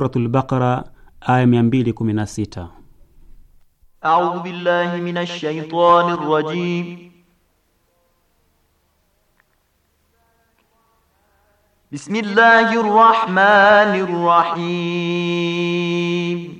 Suratul Baqara aya 216. A'udhu billahi minash shaitani rrajim. Bismillahir rahmanir rahim.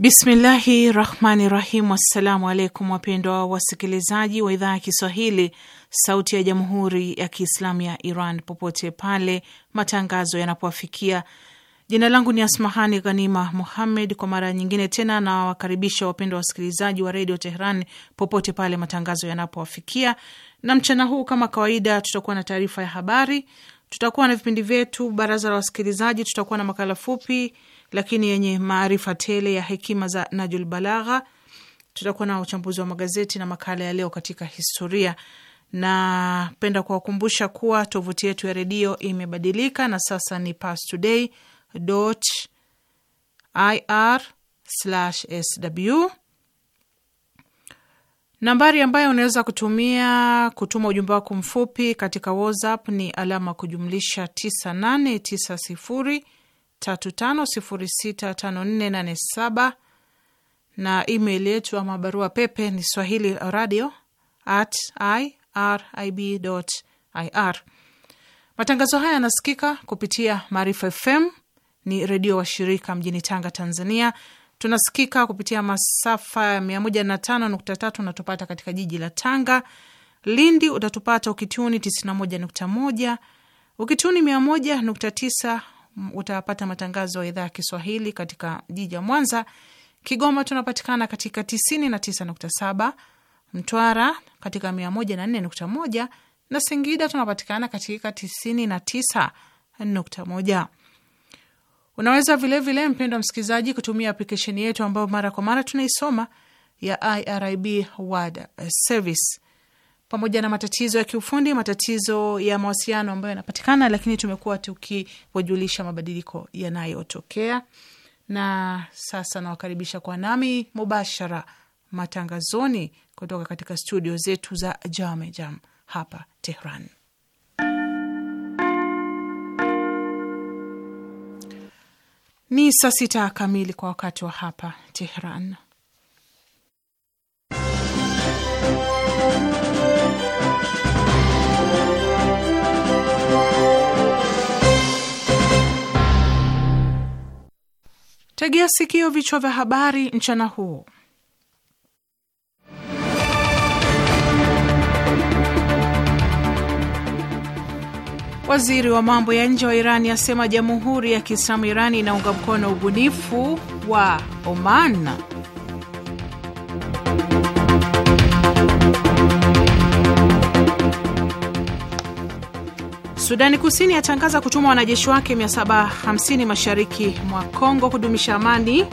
Bismillahi rahmani rahim. Assalamu alaikum wapendwa wasikilizaji wa idhaa ya Kiswahili sauti ya jamhuri ya Kiislamu ya Iran popote pale matangazo yanapowafikia. Jina langu ni Asmahani Ghanima Muhammed. Kwa mara nyingine tena nawakaribisha wapendwa wasikilizaji wa redio Tehran popote pale matangazo yanapowafikia, na mchana huu kama kawaida tutakuwa na taarifa ya habari, tutakuwa na vipindi vyetu baraza la wasikilizaji, tutakuwa na makala fupi lakini yenye maarifa tele ya hekima za Najul Balagha. Tutakuwa na uchambuzi wa magazeti na makala ya leo katika historia. Napenda kuwakumbusha kuwa tovuti yetu ya redio imebadilika na sasa ni pastoday.ir/sw. Nambari ambayo unaweza kutumia kutuma ujumbe wako mfupi katika WhatsApp ni alama kujumlisha 9890 35065487 na email yetu ama barua pepe ni swahili radio at irib ir. Matangazo haya yanasikika kupitia Maarifa FM, ni redio wa shirika mjini Tanga, Tanzania. Tunasikika kupitia masafa ya 105.3 unatupata katika jiji la Tanga. Lindi utatupata ukituni 91.1, ukituni 100.9 utapata matangazo ya idhaa ya Kiswahili katika jiji ya Mwanza. Kigoma tunapatikana katika tisini na tisa nukta saba, Mtwara katika mia moja na nne nukta moja na Singida tunapatikana katika tisini na tisa nukta moja. Unaweza vilevile, mpendwa msikilizaji, kutumia aplikesheni yetu ambayo mara kwa mara tunaisoma ya IRIB World Service pamoja na matatizo ya kiufundi, matatizo ya mawasiliano ambayo yanapatikana, lakini tumekuwa tukiwajulisha mabadiliko yanayotokea. Na sasa nawakaribisha kwa nami mubashara matangazoni kutoka katika studio zetu za Jame Jam hapa Tehran. Ni saa sita kamili kwa wakati wa hapa Tehran. Tegea sikio, vichwa vya habari mchana huu. Waziri wa mambo ya nje wa Irani asema Jamhuri ya Kiislamu Irani inaunga mkono ubunifu wa Oman. Sudani Kusini yatangaza kutuma wanajeshi wake 750 mashariki mwa Kongo kudumisha amani.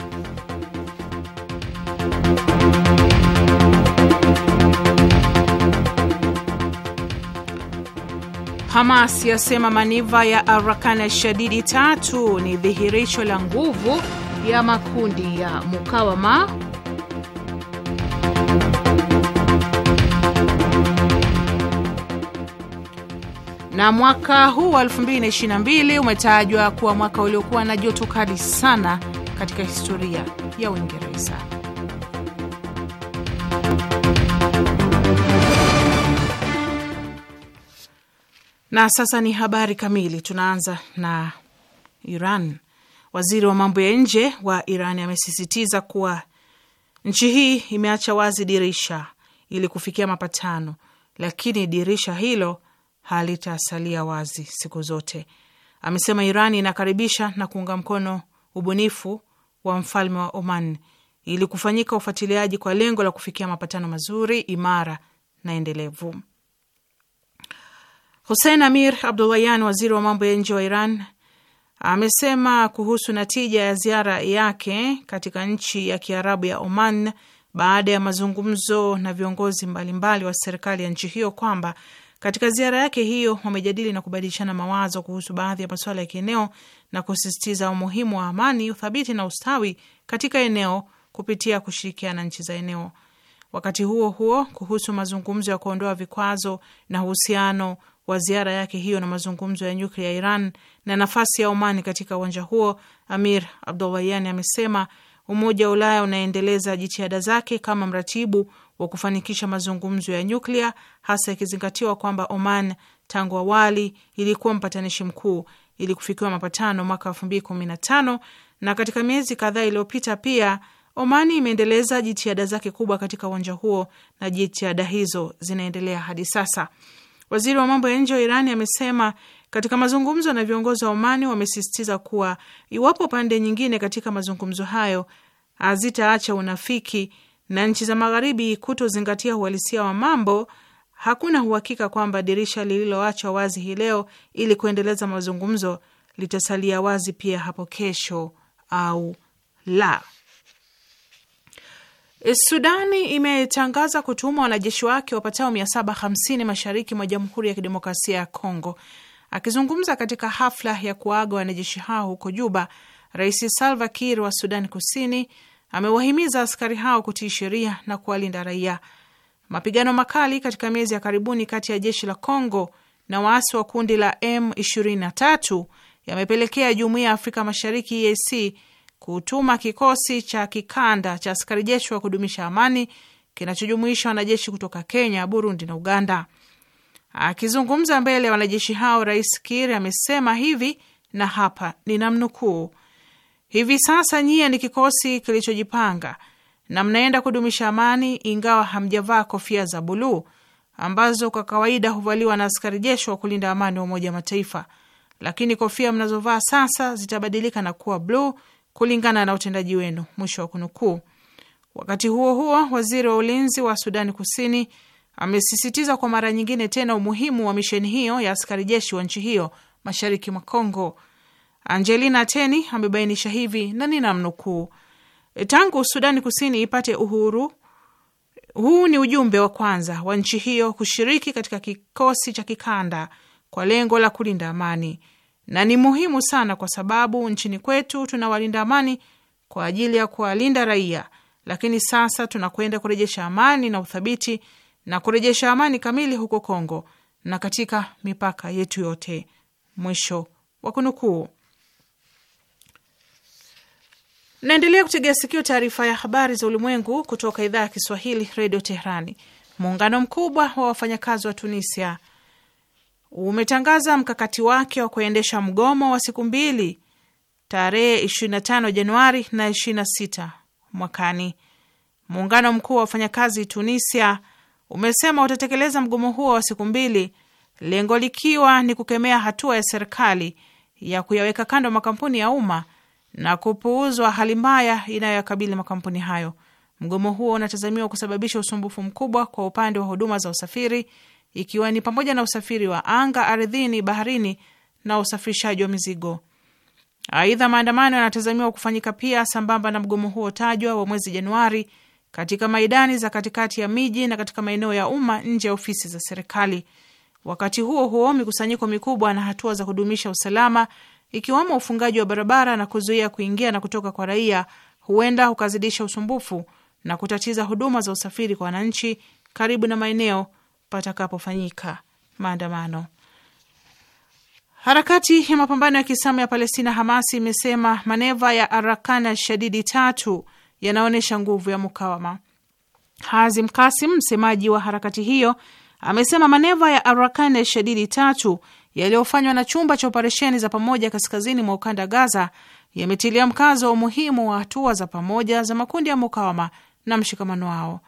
Hamas yasema maniva ya Arakan shadidi tatu ni dhihirisho la nguvu ya makundi ya mukawama. na mwaka huu wa 2022 umetajwa kuwa mwaka uliokuwa na joto kali sana katika historia ya Uingereza. Na sasa ni habari kamili. Tunaanza na Iran. Waziri wa mambo ya nje wa Iran amesisitiza kuwa nchi hii imeacha wazi dirisha ili kufikia mapatano, lakini dirisha hilo halitasalia wazi siku zote. Amesema Iran inakaribisha na kuunga mkono ubunifu wa mfalme wa Oman ili kufanyika ufuatiliaji kwa lengo la kufikia mapatano mazuri, imara na endelevu. Hussein Amir Abdullayan, waziri wa mambo ya nje wa Iran, amesema kuhusu natija ya ziara yake katika nchi ya Kiarabu ya Oman baada ya mazungumzo na viongozi mbalimbali mbali wa serikali ya nchi hiyo kwamba katika ziara yake hiyo, wamejadili na kubadilishana mawazo kuhusu baadhi ya masuala ya kieneo na kusisitiza umuhimu wa amani, uthabiti na ustawi katika eneo kupitia kushirikiana nchi za eneo. Wakati huo huo, kuhusu mazungumzo ya kuondoa vikwazo na uhusiano wa ziara yake hiyo na mazungumzo ya nyuklia ya Iran na nafasi ya Omani katika uwanja huo, Amir Abdullahian amesema Umoja wa Ulaya unaendeleza jitihada zake kama mratibu wa kufanikisha mazungumzo ya nyuklia, hasa ikizingatiwa kwamba Oman tangu awali ilikuwa mpatanishi mkuu ili kufikiwa mapatano mwaka elfu mbili kumi na tano na katika miezi kadhaa iliyopita pia Omani imeendeleza jitihada zake kubwa katika uwanja huo na jitihada hizo zinaendelea hadi sasa. Waziri wa mambo ya nje wa Irani amesema katika mazungumzo na viongozi wa Omani wamesisitiza kuwa iwapo pande nyingine katika mazungumzo hayo hazitaacha unafiki na nchi za magharibi kutozingatia uhalisia wa mambo, hakuna uhakika kwamba dirisha lililoachwa wazi hii leo ili kuendeleza mazungumzo litasalia wazi pia hapo kesho au la. Sudani imetangaza kutuma wanajeshi wake wapatao 750 mashariki mwa Jamhuri ya Kidemokrasia ya Kongo. Akizungumza katika hafla ya kuaga wanajeshi hao huko Juba, Rais Salva Kiir wa sudani Kusini amewahimiza askari hao kutii sheria na kuwalinda raia. Mapigano makali katika miezi ya karibuni kati ya jeshi la Congo na waasi wa kundi la M23 yamepelekea jumuiya ya Afrika Mashariki EAC kutuma kikosi cha kikanda cha askari jeshi wa kudumisha amani kinachojumuisha wanajeshi kutoka Kenya, Burundi na Uganda. Akizungumza mbele ya wanajeshi hao, Rais Kir amesema hivi na hapa ninamnukuu: Hivi sasa nyiye ni kikosi kilichojipanga na mnaenda kudumisha amani, ingawa hamjavaa kofia za buluu ambazo kwa kawaida huvaliwa na askari jeshi wa kulinda amani wa Umoja Mataifa, lakini kofia mnazovaa sasa zitabadilika na kuwa bluu kulingana na utendaji wenu. Mwisho wa kunukuu. Wakati huo huo, waziri wa ulinzi wa Sudani Kusini amesisitiza kwa mara nyingine tena umuhimu wa misheni hiyo ya askari jeshi wa nchi hiyo mashariki mwa Kongo Angelina Teni amebainisha hivi na ninamnukuu: tangu Sudani Kusini ipate uhuru, huu ni ujumbe wa kwanza wa nchi hiyo kushiriki katika kikosi cha kikanda kwa lengo la kulinda amani, na ni muhimu sana kwa sababu nchini kwetu tuna walinda amani kwa ajili ya kuwalinda raia, lakini sasa tunakwenda kurejesha amani na uthabiti na kurejesha amani kamili huko Kongo na katika mipaka yetu yote. Mwisho wa kunukuu. Naendelea kutegea sikio taarifa ya habari za ulimwengu kutoka idhaa ya Kiswahili redio Teherani. Muungano mkubwa wa wafanyakazi wa Tunisia umetangaza mkakati wake wa kuendesha mgomo wa siku mbili tarehe 25 Januari na 26 mwakani. Muungano mkuu wa wafanyakazi Tunisia umesema utatekeleza mgomo huo wa siku mbili, lengo likiwa ni kukemea hatua ya serikali ya kuyaweka kando makampuni ya umma na kupuuzwa hali mbaya inayoyakabili makampuni hayo. Mgomo huo unatazamiwa kusababisha usumbufu mkubwa kwa upande wa huduma za usafiri, ikiwa ni pamoja na usafiri wa anga, ardhini, baharini na usafirishaji wa mizigo. Aidha, maandamano yanatazamiwa kufanyika pia sambamba na mgomo huo tajwa wa mwezi Januari katika maidani za katikati ya miji na katika maeneo ya umma nje ya ofisi za serikali. Wakati huo huo, mikusanyiko mikubwa na hatua za kudumisha usalama ikiwemo ufungaji wa barabara na kuzuia kuingia na kutoka kwa raia, huenda ukazidisha usumbufu na kutatiza huduma za usafiri kwa wananchi karibu na maeneo patakapofanyika maandamano. Harakati ya mapambano ya Kiislamu ya Palestina, Hamasi, imesema maneva ya Arakana Shadidi tatu yanaonyesha nguvu ya mukawama. Hazim Kasim, msemaji wa harakati hiyo, amesema maneva ya Arakana Shadidi tatu yaliyofanywa na chumba cha operesheni za pamoja kaskazini mwa ukanda Gaza yametilia mkazo wa umuhimu wa hatua za pamoja za makundi ya mukawama na mshikamano wao.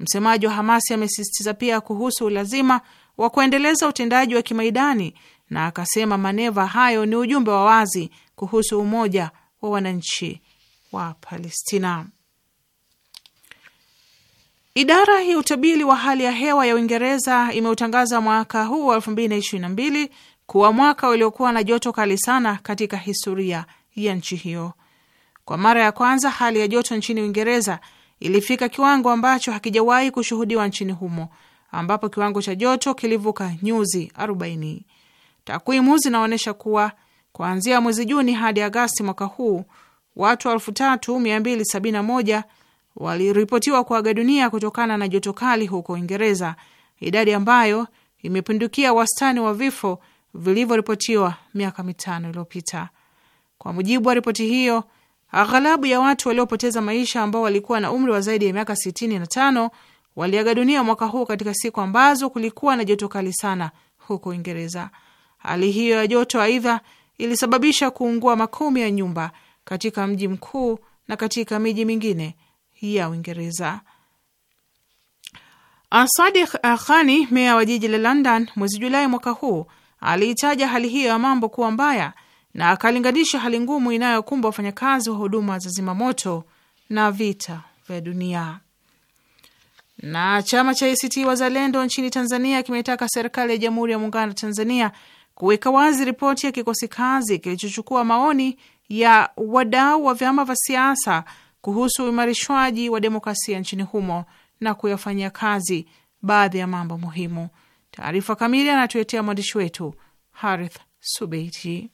Msemaji wa Hamasi amesisitiza pia kuhusu ulazima wa kuendeleza utendaji wa kimaidani na akasema maneva hayo ni ujumbe wa wazi kuhusu umoja wa wananchi wa Palestina. Idara ya utabiri wa hali ya hewa ya Uingereza imeutangaza mwaka huu wa kuwa mwaka uliokuwa na joto kali sana katika historia ya nchi hiyo. Kwa mara ya kwanza hali ya joto nchini Uingereza ilifika kiwango ambacho hakijawahi kushuhudiwa nchini humo, ambapo kiwango cha joto kilivuka nyuzi 40. Takwimu zinaonyesha kuwa kuanzia mwezi Juni hadi Agasti mwaka huu watu 3271 waliripotiwa kuaga dunia kutokana na joto kali huko Uingereza, idadi ambayo imepindukia wastani wa vifo vilivyoripotiwa miaka mitano iliyopita. Kwa mujibu wa ripoti hiyo, aghalabu ya watu waliopoteza maisha ambao walikuwa na umri wa zaidi ya miaka sitini na tano waliaga dunia mwaka huu katika siku ambazo kulikuwa na joto kali sana huko Uingereza. Hali hiyo ya joto aidha ilisababisha kuungua makumi ya nyumba katika mji mkuu na katika miji mingine ya Uingereza. Asadi Akhani, meya wa jiji la London, mwezi Julai mwaka huu aliitaja hali hiyo ya mambo kuwa mbaya na akalinganisha hali ngumu inayokumba wafanyakazi wa huduma za zimamoto na vita vya dunia. Na chama cha ACT Wazalendo nchini Tanzania kimetaka serikali ya Jamhuri ya Muungano wa Tanzania kuweka wazi ripoti ya kikosi kazi kilichochukua maoni ya wadau wa vyama vya siasa kuhusu uimarishwaji wa demokrasia nchini humo na kuyafanyia kazi baadhi ya mambo muhimu. Taarifa kamili anatuletea mwandishi wetu Harith Subeiti.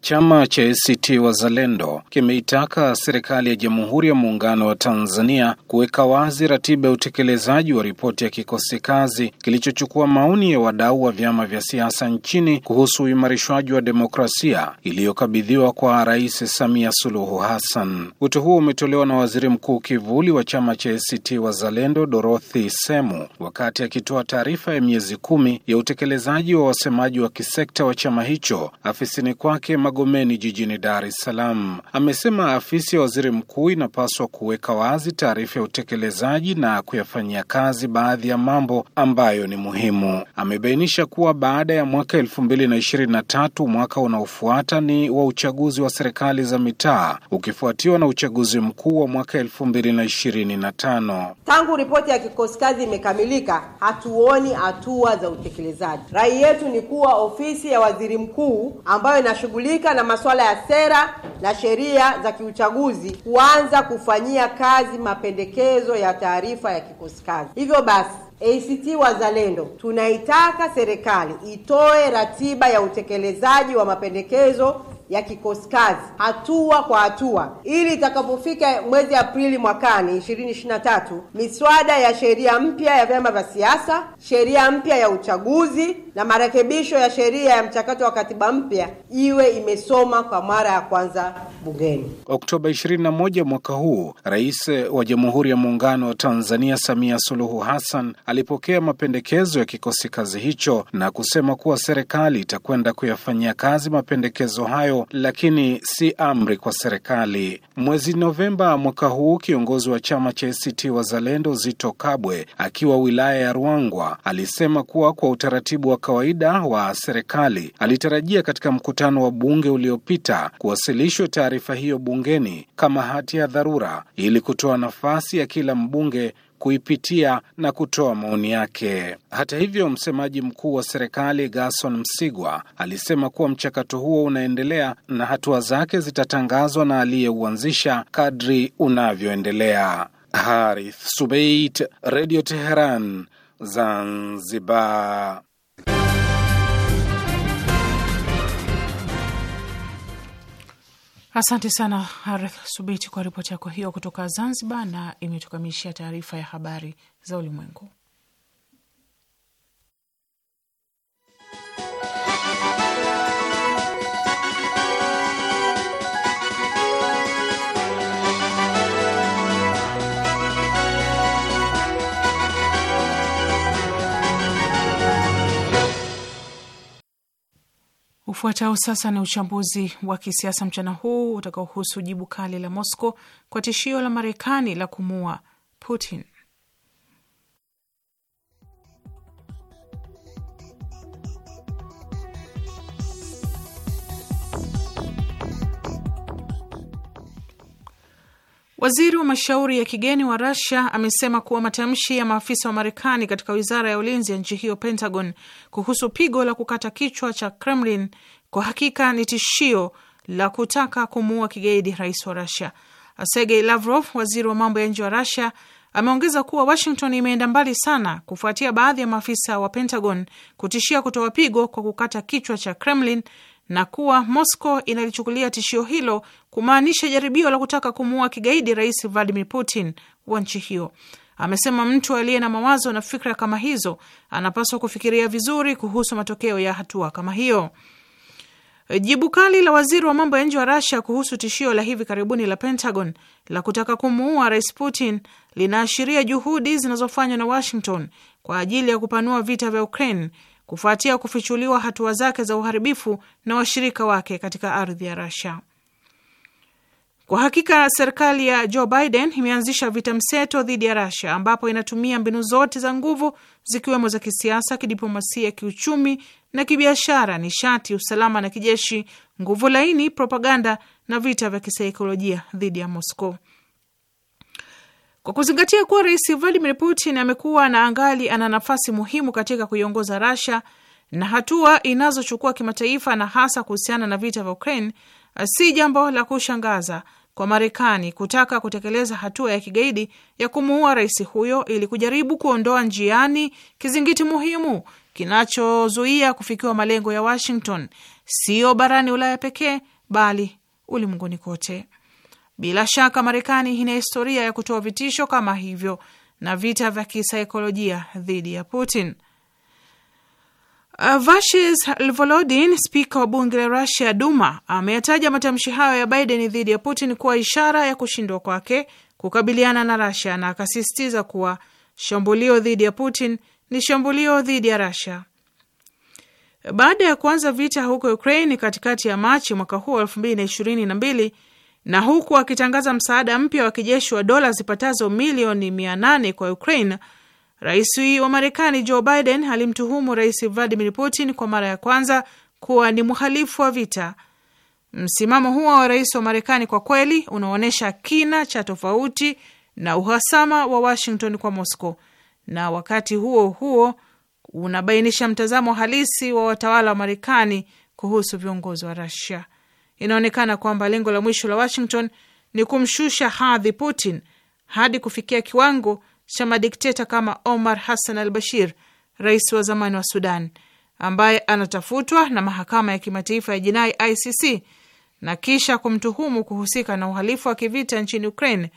Chama cha ACT Wazalendo kimeitaka serikali ya Jamhuri ya Muungano wa Tanzania kuweka wazi ratiba ya utekelezaji wa ripoti ya kikosi kazi kilichochukua maoni ya wadau wa vyama vya siasa nchini kuhusu uimarishwaji wa demokrasia iliyokabidhiwa kwa Rais Samia Suluhu Hassan. Wito huo umetolewa na Waziri Mkuu kivuli wa chama cha ACT Wazalendo Dorothy Semu wakati akitoa taarifa ya miezi kumi ya utekelezaji wa wasemaji wa kisekta wa chama hicho afisini kwake Magomeni jijini Dar es Salaam. Amesema afisi ya waziri mkuu inapaswa kuweka wazi taarifa ya utekelezaji na kuyafanyia kazi baadhi ya mambo ambayo ni muhimu. Amebainisha kuwa baada ya mwaka elfu mbili na na ishirini tatu mwaka unaofuata ni wa uchaguzi wa serikali za mitaa ukifuatiwa na uchaguzi mkuu wa mwaka elfu mbili na na ishirini tano Tangu ripoti ya kikosi kazi imekamilika, hatuoni hatua za utekelezaji. Rai yetu ni kuwa ofisi ya waziri mkuu ambayo inashughulika linaloshughulika na masuala ya sera na sheria za kiuchaguzi kuanza kufanyia kazi mapendekezo ya taarifa ya kikosi kazi. Hivyo basi ACT Wazalendo tunaitaka serikali itoe ratiba ya utekelezaji wa mapendekezo ya kikosi kazi hatua kwa hatua, ili itakapofika mwezi Aprili mwakani 2023 miswada ya sheria mpya ya vyama vya siasa, sheria mpya ya uchaguzi na marekebisho ya sheria ya mchakato wa katiba mpya iwe imesoma kwa mara ya kwanza bungeni. Oktoba 21 mwaka huu, Rais wa Jamhuri ya Muungano wa Tanzania Samia Suluhu Hassan alipokea mapendekezo ya kikosi kazi hicho na kusema kuwa serikali itakwenda kuyafanyia kazi mapendekezo hayo lakini si amri kwa serikali. Mwezi Novemba mwaka huu, kiongozi wa chama cha ACT Wazalendo Zito Kabwe akiwa wilaya ya Ruangwa alisema kuwa kwa utaratibu wa kawaida wa serikali alitarajia katika mkutano wa bunge uliopita kuwasilishwa taarifa hiyo bungeni kama hati ya dharura ili kutoa nafasi ya kila mbunge kuipitia na kutoa maoni yake. Hata hivyo, msemaji mkuu wa serikali gason Msigwa alisema kuwa mchakato huo unaendelea na hatua zake zitatangazwa na aliyeuanzisha kadri unavyoendelea. Harith Subeit, Radio Teheran, Zanzibar. Asante sana Harith Subiti kwa ripoti yako hiyo kutoka Zanzibar, na imetukamilishia taarifa ya habari za ulimwengu. Ufuatao sasa ni uchambuzi wa kisiasa mchana huu utakaohusu jibu kali la Moscow kwa tishio la Marekani la kumua Putin. Waziri wa mashauri ya kigeni wa Rasia amesema kuwa matamshi ya maafisa wa Marekani katika wizara ya ulinzi ya nchi hiyo, Pentagon, kuhusu pigo la kukata kichwa cha Kremlin kwa hakika ni tishio la kutaka kumuua kigaidi rais wa Rasia. Sergei Lavrov, waziri wa mambo ya nje wa Rasia, ameongeza kuwa Washington imeenda mbali sana kufuatia baadhi ya maafisa wa Pentagon kutishia kutoa pigo kwa kukata kichwa cha Kremlin na kuwa Moscow inalichukulia tishio hilo kumaanisha jaribio la kutaka kumuua kigaidi Rais Vladimir Putin wa nchi hiyo. Amesema mtu aliye na mawazo na fikra kama hizo anapaswa kufikiria vizuri kuhusu matokeo ya hatua kama hiyo. Jibu kali la waziri wa mambo ya nje wa rusia kuhusu tishio la hivi karibuni la Pentagon la kutaka kumuua Rais Putin linaashiria juhudi zinazofanywa na Washington kwa ajili ya kupanua vita vya Ukraine kufuatia kufichuliwa hatua zake za uharibifu na washirika wake katika ardhi ya Rasia. Kwa hakika serikali ya Joe Biden imeanzisha vita mseto dhidi ya rasia ambapo inatumia mbinu zote za nguvu zikiwemo za kisiasa, kidiplomasia, kiuchumi na kibiashara, nishati, usalama na kijeshi, nguvu laini, propaganda na vita vya kisaikolojia dhidi ya Moscow. Kwa kuzingatia kuwa Rais Vladimir Putin amekuwa na angali ana nafasi muhimu katika kuiongoza Russia na hatua inazochukua kimataifa na hasa kuhusiana na vita vya Ukraine, si jambo la kushangaza kwa Marekani kutaka kutekeleza hatua ya kigaidi ya kumuua rais huyo ili kujaribu kuondoa njiani kizingiti muhimu kinachozuia kufikiwa malengo ya Washington, siyo barani Ulaya pekee bali ulimwenguni kote. Bila shaka Marekani ina historia ya kutoa vitisho kama hivyo na vita vya kisaikolojia dhidi ya Putin. Uh, Vashis lvolodin spika wa bunge la Rusia Duma, ameyataja matamshi hayo ya Biden dhidi ya Putin kuwa ishara ya kushindwa kwake kukabiliana na Rusia na akasisitiza kuwa shambulio dhidi ya Putin ni shambulio dhidi ya Rusia. Baada ya kuanza vita huko Ukraine katikati ya Machi mwaka huu elfu mbili na ishirini na mbili, na huku akitangaza msaada mpya wa kijeshi wa dola zipatazo milioni 8 kwa Ukraine, rais wa Marekani Joe Biden alimtuhumu rais Vladimir Putin kwa mara ya kwanza kuwa ni mhalifu wa vita. Msimamo huo wa rais wa Marekani kwa kweli unaonyesha kina cha tofauti na uhasama wa Washington kwa Moscow, na wakati huo huo unabainisha mtazamo halisi wa watawala wa Marekani kuhusu viongozi wa Russia inaonekana kwamba lengo la mwisho la Washington ni kumshusha hadhi Putin hadi kufikia kiwango cha madikteta kama Omar Hassan al Bashir, rais wa zamani wa Sudan, ambaye anatafutwa na mahakama ya kimataifa ya jinai ICC na kisha kumtuhumu kuhusika na uhalifu wa kivita nchini Ukraine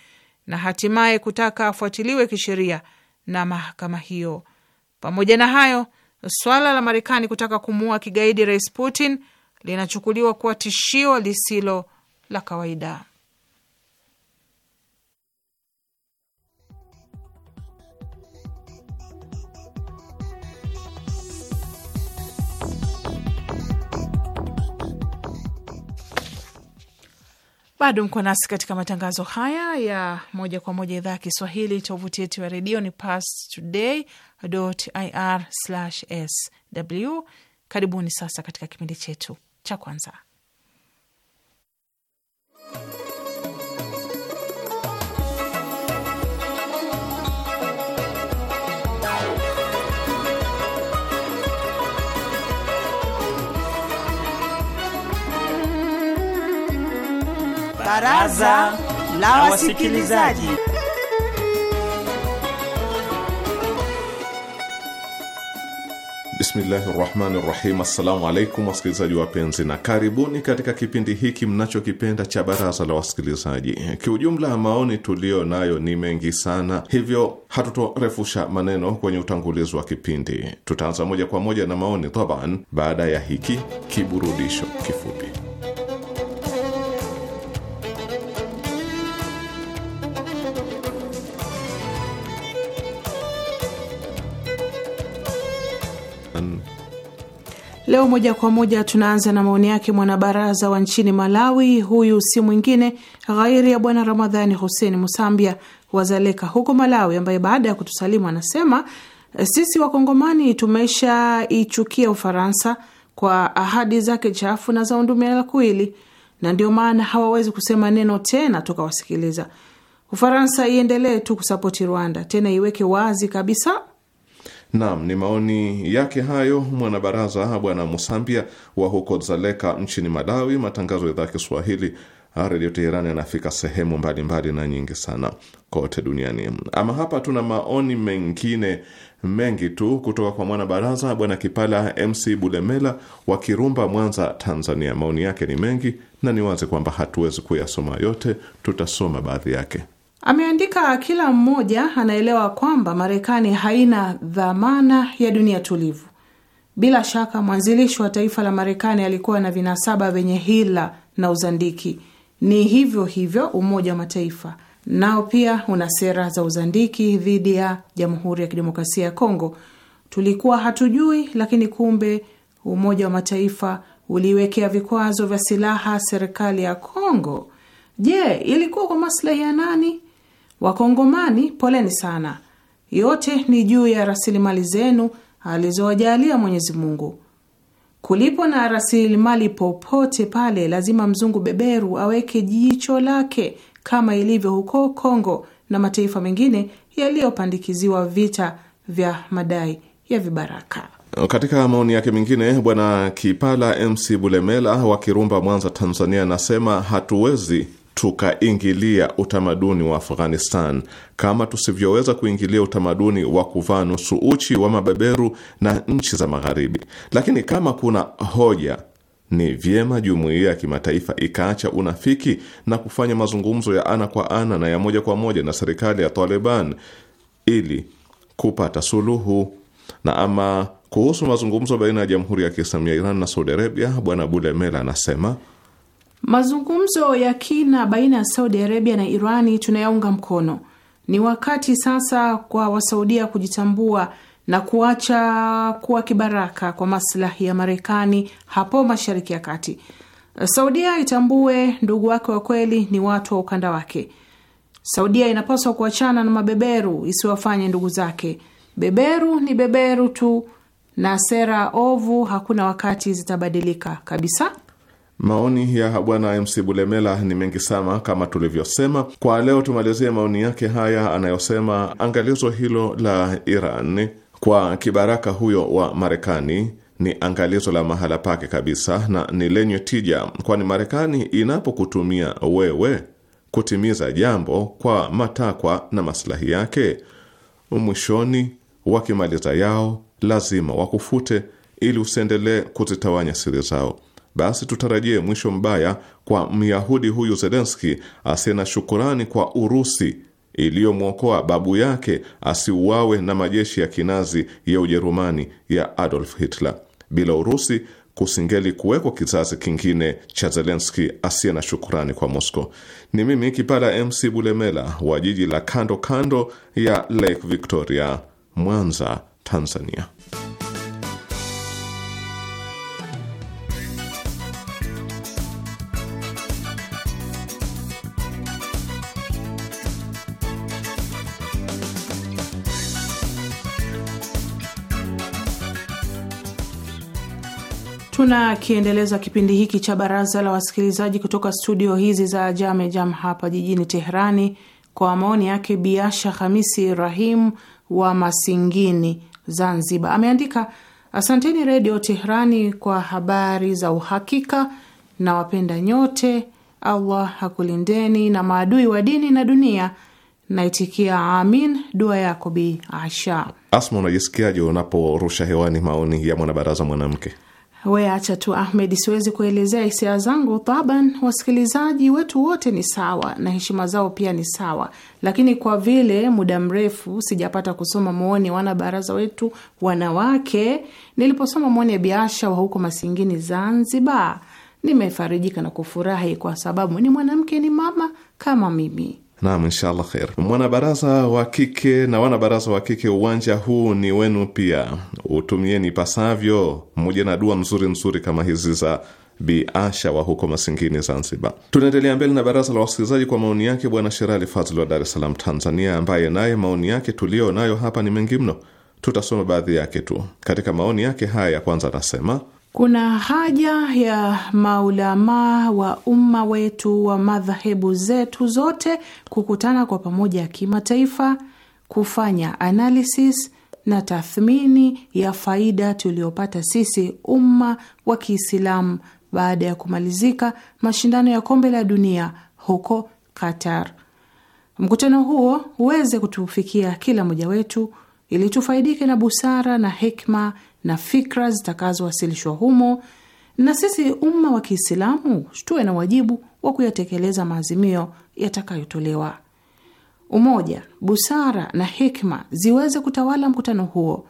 na hatimaye kutaka afuatiliwe kisheria na mahakama hiyo. Pamoja na hayo, swala la Marekani kutaka kumuua kigaidi rais Putin linachukuliwa kuwa tishio lisilo la kawaida. Bado mko nasi katika matangazo haya ya moja kwa moja idhaa ya Kiswahili. Tovuti yetu ya redio ni pastoday.ir/sw. Karibuni sasa katika kipindi chetu cha kwanza. Baraza la Wasikilizaji. Bismillahi rahmani rahim. Assalamu alaikum wasikilizaji wapenzi, na karibuni katika kipindi hiki mnachokipenda cha baraza la wasikilizaji. Kiujumla, maoni tuliyo nayo ni mengi sana, hivyo hatutorefusha maneno kwenye utangulizi wa kipindi. Tutaanza moja kwa moja na maoni taban, baada ya hiki kiburudisho kifupi. Leo moja kwa moja tunaanza na maoni yake mwanabaraza wa nchini Malawi. Huyu si mwingine ghairi ya bwana Ramadhani husen Musambia Wazaleka huko Malawi, ambaye baada ya kutusalimu anasema eh, sisi Wakongomani tumeshaichukia Ufaransa kwa ahadi zake chafu na za undumakuwili, na ndio maana hawawezi kusema neno tena tukawasikiliza. Ufaransa iendelee tu kusapoti Rwanda, tena iweke wazi kabisa Naam, ni maoni yake hayo mwanabaraza Bwana Musambia wa huko zaleka nchini Malawi. Matangazo ya idhaa ya Kiswahili ah, Redio Teherani yanafika sehemu mbalimbali mbali na nyingi sana kote duniani. Ama hapa tuna maoni mengine mengi tu kutoka kwa mwanabaraza Bwana Kipala MC Bulemela wa Kirumba, Mwanza, Tanzania. Maoni yake ni mengi na ni wazi kwamba hatuwezi kuyasoma yote, tutasoma baadhi yake. Ameandika, kila mmoja anaelewa kwamba Marekani haina dhamana ya dunia tulivu. Bila shaka mwanzilishi wa taifa la Marekani alikuwa na vinasaba vyenye hila na uzandiki. Ni hivyo hivyo Umoja wa Mataifa nao pia una sera za uzandiki dhidi ya Jamhuri ya Kidemokrasia ya Kongo. Tulikuwa hatujui, lakini kumbe Umoja wa Mataifa uliwekea vikwazo vya silaha serikali ya Kongo. Je, ilikuwa kwa maslahi ya nani? Wakongomani, poleni sana. Yote ni juu ya rasilimali zenu alizowajalia Mwenyezi Mungu. Kulipo na rasilimali popote pale, lazima mzungu beberu aweke jicho lake, kama ilivyo huko Kongo na mataifa mengine yaliyopandikiziwa vita vya madai ya vibaraka. Katika maoni yake mengine, Bwana Kipala MC Bulemela wa Kirumba, Mwanza, Tanzania, anasema hatuwezi tukaingilia utamaduni wa Afghanistan kama tusivyoweza kuingilia utamaduni wa kuvaa nusu uchi wa mabeberu na nchi za Magharibi. Lakini kama kuna hoja, ni vyema jumuiya ya kimataifa ikaacha unafiki na kufanya mazungumzo ya ana kwa ana na ya moja kwa moja na serikali ya Taliban ili kupata suluhu. Na ama kuhusu mazungumzo baina ya Jamhuri ya Kiislamu ya Iran na Saudi Arabia, Bwana Bulemela anasema Mazungumzo ya kina baina ya Saudi Arabia na Irani tunayaunga mkono. Ni wakati sasa kwa wasaudia kujitambua na kuacha kuwa kibaraka kwa maslahi ya Marekani hapo Mashariki ya Kati. Saudia itambue ndugu wake wa kweli ni watu wa ukanda wake. Saudia inapaswa kuachana na mabeberu, isiwafanye ndugu zake. Beberu ni beberu tu, na sera ovu hakuna wakati zitabadilika kabisa. Maoni ya bwana MC Bulemela ni mengi sana, kama tulivyosema. Kwa leo tumalizie maoni yake haya anayosema angalizo hilo la Iran kwa kibaraka huyo wa Marekani ni angalizo la mahala pake kabisa na ni lenye tija, kwani Marekani inapokutumia wewe kutimiza jambo kwa matakwa na maslahi yake, mwishoni wakimaliza yao lazima wakufute, ili usiendelee kuzitawanya siri zao basi tutarajie mwisho mbaya kwa myahudi huyu Zelenski asiye na shukurani kwa Urusi iliyomwokoa babu yake asiuawe na majeshi ya kinazi ya Ujerumani ya Adolf Hitler. Bila Urusi kusingeli kuwekwa kizazi kingine cha Zelenski asiye na shukurani kwa Moscow. Ni mimi Kipala MC Bulemela wa jiji la kando kando ya Lake Victoria, Mwanza, Tanzania. tunakiendeleza kipindi hiki cha baraza la wasikilizaji kutoka studio hizi za Jame Jam hapa jijini Teherani, kwa maoni yake Biasha Hamisi Rahim wa Masingini, Zanzibar, ameandika asanteni Redio Teherani kwa habari za uhakika na wapenda nyote, Allah hakulindeni na maadui wa dini na dunia. Naitikia amin, dua yako Bi Asha. Asma, unajisikiaje unaporusha hewani maoni ya mwanabaraza mwanamke? We acha tu Ahmed, siwezi kuelezea hisia zangu taban. Wasikilizaji wetu wote ni sawa na heshima zao pia ni sawa, lakini kwa vile muda mrefu sijapata kusoma maoni wana baraza wetu wanawake, niliposoma maoni ya Biasha wa huko Masingini, Zanzibar, nimefarijika na kufurahi kwa sababu ni mwanamke, ni mama kama mimi. Naam, inshallah khair. Mwanabaraza wa kike na wanabaraza wa kike, uwanja huu ni wenu pia, utumieni ipasavyo, mmoja na dua nzuri nzuri kama hizi za Bi Asha wa huko Masingini, Zanzibar. Tunaendelea mbele na baraza la wasikilizaji kwa maoni yake Bwana Sherali Fadhili wa Dar es Salaam, Tanzania, ambaye naye maoni yake tuliyo nayo hapa ni mengi mno. Tutasoma baadhi yake tu. Katika maoni yake haya ya kwanza anasema kuna haja ya maulamaa wa umma wetu wa madhahebu zetu zote kukutana kwa pamoja ya kimataifa, kufanya analysis na tathmini ya faida tuliyopata sisi umma wa Kiislamu baada ya kumalizika mashindano ya kombe la dunia huko Qatar. Mkutano huo uweze kutufikia kila mmoja wetu ili tufaidike na busara na hikma na fikra zitakazowasilishwa humo, na sisi umma wa Kiislamu tuwe na wajibu wa kuyatekeleza maazimio yatakayotolewa. Umoja, busara na hikma ziweze kutawala mkutano huo,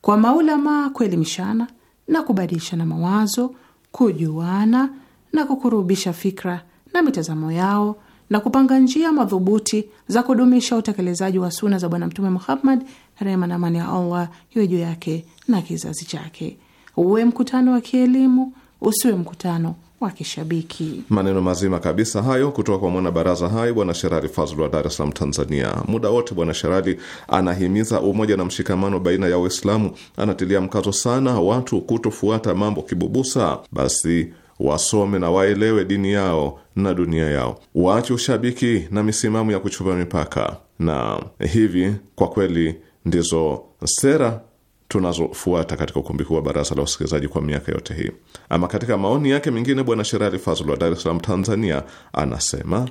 kwa maulamaa kuelimishana na kubadilishana mawazo, kujuana na kukurubisha fikra na mitazamo yao na kupanga njia madhubuti za kudumisha utekelezaji wa suna za Bwana Mtume Muhammad rehema na amani ya Allah iwe juu yake na kizazi chake. Uwe mkutano wa kielimu, usiwe mkutano wa kishabiki. Maneno mazima kabisa hayo kutoka kwa mwanabaraza hayo Bwana Sherali Fazl wa Dar es Salaam, Tanzania. Muda wote Bwana Sherali anahimiza umoja na mshikamano baina ya Waislamu, anatilia mkazo sana watu kutofuata mambo kibubusa. Basi wasome na waelewe dini yao na dunia yao, waache ushabiki na misimamo ya kuchupa mipaka. Na hivi kwa kweli ndizo sera tunazofuata katika ukumbi huu wa Baraza la Wasikilizaji kwa miaka yote hii. Ama katika maoni yake mengine, Bwana Sherali Fazl wa Dar es Salaam, Tanzania, anasema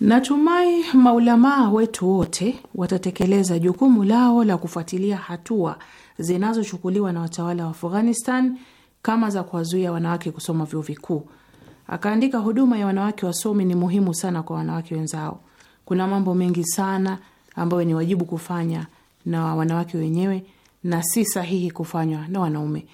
natumai maulamaa wetu wote watatekeleza jukumu lao la kufuatilia hatua zinazochukuliwa na watawala wa Afghanistan kama za kuwazuia wanawake kusoma vyuo vikuu. Akaandika, huduma ya wanawake wasomi ni muhimu sana kwa wanawake wenzao. Kuna mambo mengi sana ambayo ni wajibu kufanya na wanawake wenyewe na si sahihi kufanywa na wanaume.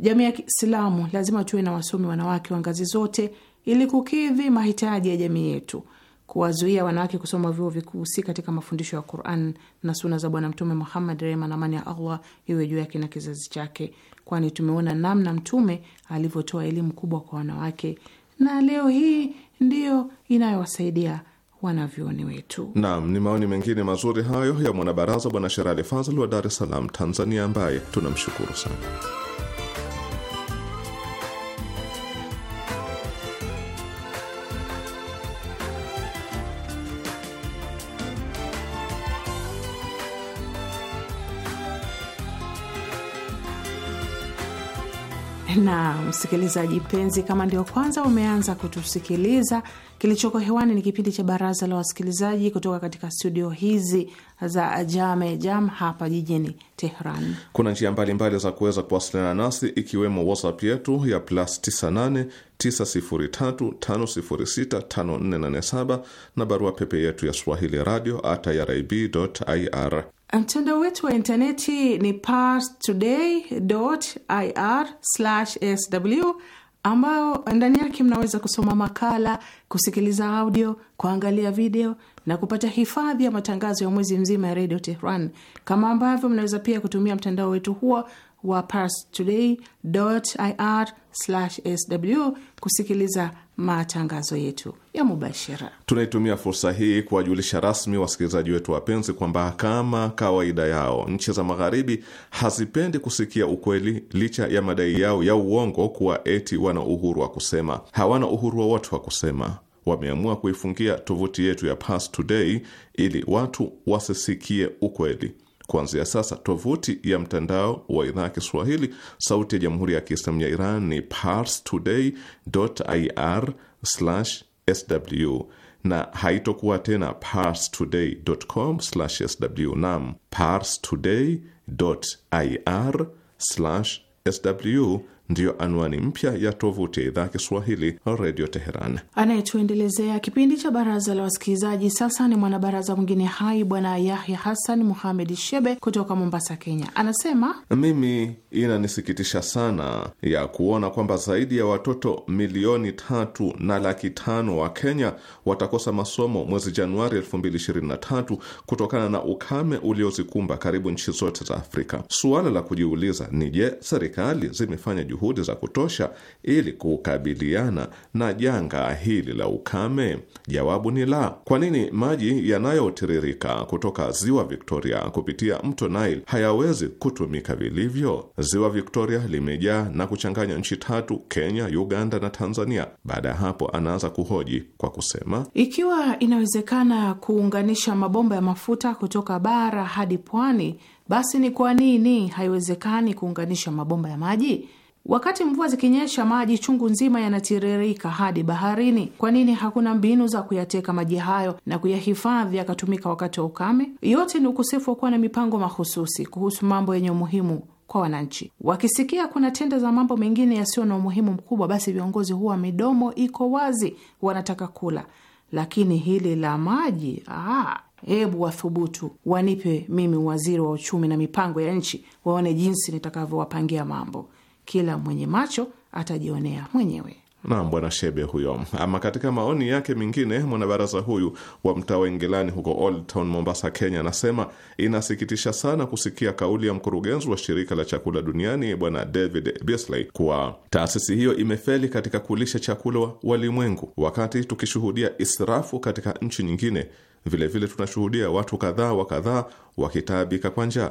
Jamii ya Kiislamu lazima tuwe na wasomi wanawake wa ngazi zote ili kukidhi mahitaji ya jamii yetu. Kuwazuia wanawake kusoma vyuo vikuu si katika mafundisho ya Quran na suna za Bwana Mtume Muhammad, rehma na amani ya Allah iwe juu yake na kizazi chake, kwani tumeona namna Mtume alivyotoa elimu kubwa kwa wanawake, na leo hii ndiyo inayowasaidia wanavyuoni wetu. Naam, ni maoni mengine mazuri hayo ya mwanabaraza Bwana Sherali Fazl wa Dar es Salaam, Tanzania, ambaye tunamshukuru sana. na msikilizaji penzi, kama ndio kwanza umeanza kutusikiliza, kilichoko hewani ni kipindi cha Baraza la Wasikilizaji kutoka katika studio hizi za Jame Jam hapa jijini Tehran. Kuna njia mbalimbali za kuweza kuwasiliana nasi, ikiwemo WhatsApp yetu ya plus 98 9035065487 na barua pepe yetu ya swahili radio at irib.ir. Mtandao wetu wa intaneti ni parstoday.ir/sw, ambao ndani yake mnaweza kusoma makala, kusikiliza audio, kuangalia video na kupata hifadhi ya matangazo ya mwezi mzima ya redio Tehran, kama ambavyo mnaweza pia kutumia mtandao wetu huo wa parstoday.ir/sw kusikiliza matangazo yetu ya mubashira. Tunaitumia fursa hii kuwajulisha rasmi wasikilizaji wetu wapenzi kwamba kama kawaida yao, nchi za Magharibi hazipendi kusikia ukweli, licha ya madai yao ya uongo kuwa eti wana uhuru wa kusema. Hawana uhuru wowote wa, wa kusema. Wameamua kuifungia tovuti yetu ya Pars Today ili watu wasisikie ukweli. Kuanzia sasa tovuti ya mtandao wa idhaa ya Kiswahili sauti ya jamhuri ya Kiislamu ya Iran ni parstoday.ir/sw na haitokuwa tena parstoday.com/sw. Nam, parstoday.ir/sw ndiyo anwani mpya ya tovuti ya idhaa Kiswahili Redio Teheran. Anayetuendelezea kipindi cha baraza la wasikilizaji sasa ni mwanabaraza mwingine hai Bwana Yahya Hassan Muhamed Shebe kutoka Mombasa, Kenya. Anasema, mimi inanisikitisha sana ya kuona kwamba zaidi ya watoto milioni tatu na laki tano wa Kenya watakosa masomo mwezi Januari 2023 kutokana na ukame uliozikumba karibu nchi zote za Afrika. Suala la kujiuliza ni je, serikali zimefanya juhudi za kutosha ili kukabiliana na janga hili la ukame? Jawabu ni la. Kwa nini maji yanayotiririka kutoka ziwa Victoria kupitia mto Nile hayawezi kutumika vilivyo? Ziwa Victoria limejaa na kuchanganya nchi tatu, Kenya, Uganda na Tanzania. Baada ya hapo, anaanza kuhoji kwa kusema, ikiwa inawezekana kuunganisha mabomba ya mafuta kutoka bara hadi pwani basi ni kwa nini haiwezekani kuunganisha mabomba ya maji? Wakati mvua zikinyesha, maji chungu nzima yanatiririka hadi baharini. Kwa nini hakuna mbinu za kuyateka maji hayo na kuyahifadhi yakatumika wakati wa ukame? Yote ni ukosefu wa kuwa na mipango mahususi kuhusu mambo yenye umuhimu kwa wananchi. Wakisikia kuna tenda za mambo mengine yasiyo na umuhimu mkubwa, basi viongozi huwa midomo iko wazi, wanataka kula, lakini hili la maji aa, ah, hebu wathubutu, wanipe mimi waziri wa uchumi na mipango ya nchi, waone jinsi nitakavyowapangia mambo. Kila mwenye macho atajionea mwenyewe. Naam, bwana Shebe huyo. Ama katika maoni yake mengine, mwanabaraza huyu wa mtaa wa Ingilani huko Old Town Mombasa, Kenya, anasema inasikitisha sana kusikia kauli ya mkurugenzi wa shirika la chakula duniani bwana David Beasley kuwa taasisi hiyo imefeli katika kulisha chakula walimwengu, wakati tukishuhudia israfu katika nchi nyingine. Vilevile tunashuhudia watu kadhaa wa kadhaa wakitaabika kwa njaa.